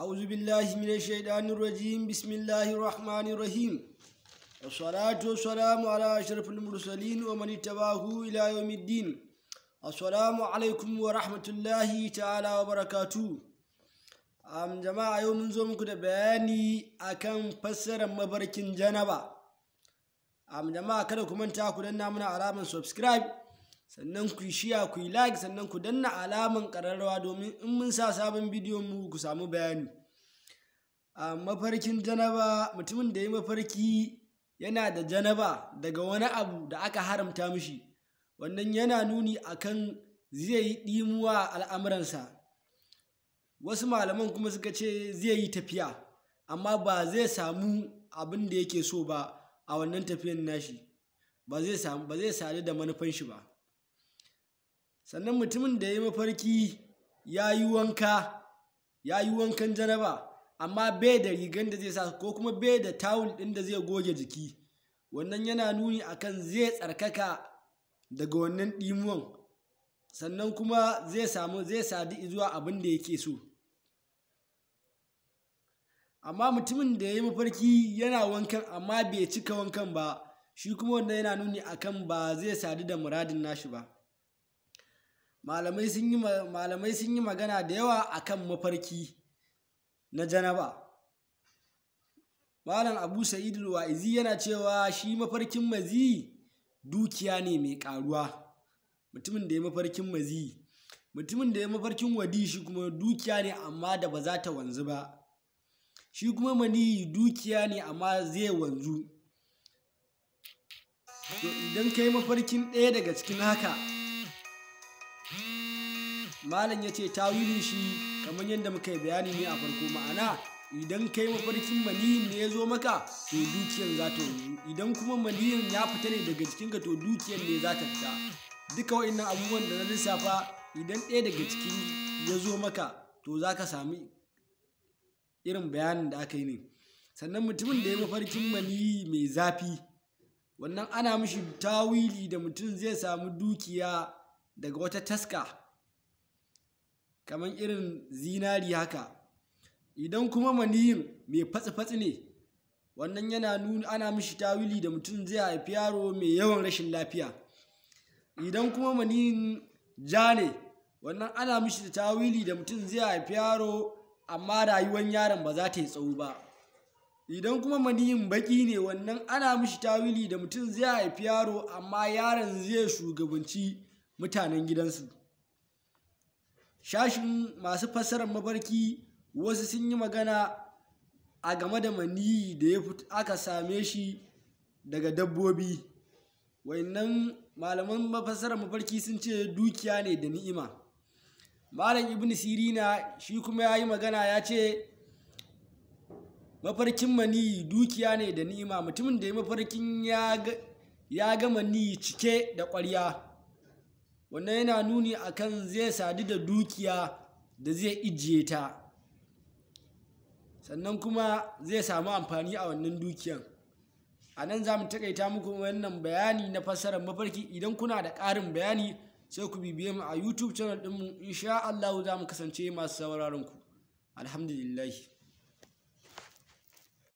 أعوذ بالله من الشيطان الرجيم بسم الله الرحمن الرحيم والصلاة والسلام على أشرف المرسلين ومن اتبعه إلى يوم الدين السلام عليكم ورحمة الله تعالى وبركاته أم جماعة يوم نزوم كده بياني أكن فسر مبركين جنبا أم جماعة كده كومنتا كده نامنا علامة سبسكرايب sannan ku shiya ku yi like sannan ku danna alaman ƙararrawa domin in mun sa sabon bidiyon mu ku samu bayani a mafarkin janaba mutumin da ya mafarki yana da janaba daga wani abu da aka haramta mishi wannan yana nuni akan zai yi ɗimuwa al'amuransa wasu malaman kuma suka ce zai yi tafiya amma ba zai samu abin da yake so ba a wannan tafiyan nashi ba zai sadu da manufan shi ba sannan mutumin da ya yi mafarki ya yi wanka ya yi wankan janaba amma bai da rigan da zai sa ko kuma bai da tawul ɗin da zai goge jiki wannan yana nuni akan zai tsarkaka daga wannan ɗimuwan sannan kuma zai samu zai sadi zuwa abin da yake so amma mutumin da ya yi mafarki yana wankan amma bai cika wankan ba shi kuma wannan yana nuni akan ba zai sadu da muradin nashi ba malamai sun yi magana da yawa akan mafarki na janaba malam abu sa'id wa'izi yana cewa shi mafarkin mazi dukiya ne mai karuwa mutumin da ya mafarkin mazi mutumin da ya mafarkin wadi shi kuma dukiya ne amma da ba za ta wanzu ba shi kuma mani dukiya ne amma zai wanzu idan ka yi mafarkin ɗaya daga cikin haka malam ya ce tawilin shi kamar yadda muka yi bayani ne a farko ma'ana idan kai mafarkin maniyin ne ya zo maka to dukiyan za ta yi idan kuma maniyin ya fita ne daga cikinka to dukiyan ne za ta fita duka wa'annan abubuwan da na lissafa idan ɗaya daga cikin ya zo maka to za ka sami irin bayanin da aka yi ne sannan mutumin da ya mafarkin maniyi mai zafi wannan ana mishi tawili da mutum zai samu dukiya daga wata taska kamar irin zinari haka idan kuma maniyin mai fatsi-fatsi ne wannan yana nuna ana mishi tawili da mutum zai haifi yaro mai yawan rashin lafiya idan kuma maniyin ja ne wannan ana mishi tawili da mutum zai haifi yaro amma rayuwar yaron ba za ta yi tsawo ba idan kuma maniyin baki ne wannan ana mishi tawili da mutum zai haifi yaro amma yaron zai shugabanci mutanen gidansu Shashin masu fassarar mafarki wasu sun yi magana a game da maniyi da ya aka same shi daga dabbobi. wannan malaman mafassarar mafarki sun ce dukiya ne da ni'ima. Malam Ibn Sirina shi kuma ya yi magana ya ce mafarkin maniyi dukiya ne da ni'ima mutumin da ya mafarkin ya ga maniyi cike da ƙwarya. wannan yana nuni akan zai sadu da dukiya da zai ijiye ta sannan kuma zai samu amfani a wannan dukiyan a nan za mu takaita muku wannan bayani na fassarar mafarki idan kuna da ƙarin bayani sai ku bibiye mu a youtube channel ɗinmu insha Allah za mu kasance masu sauraron ku alhamdulillahi.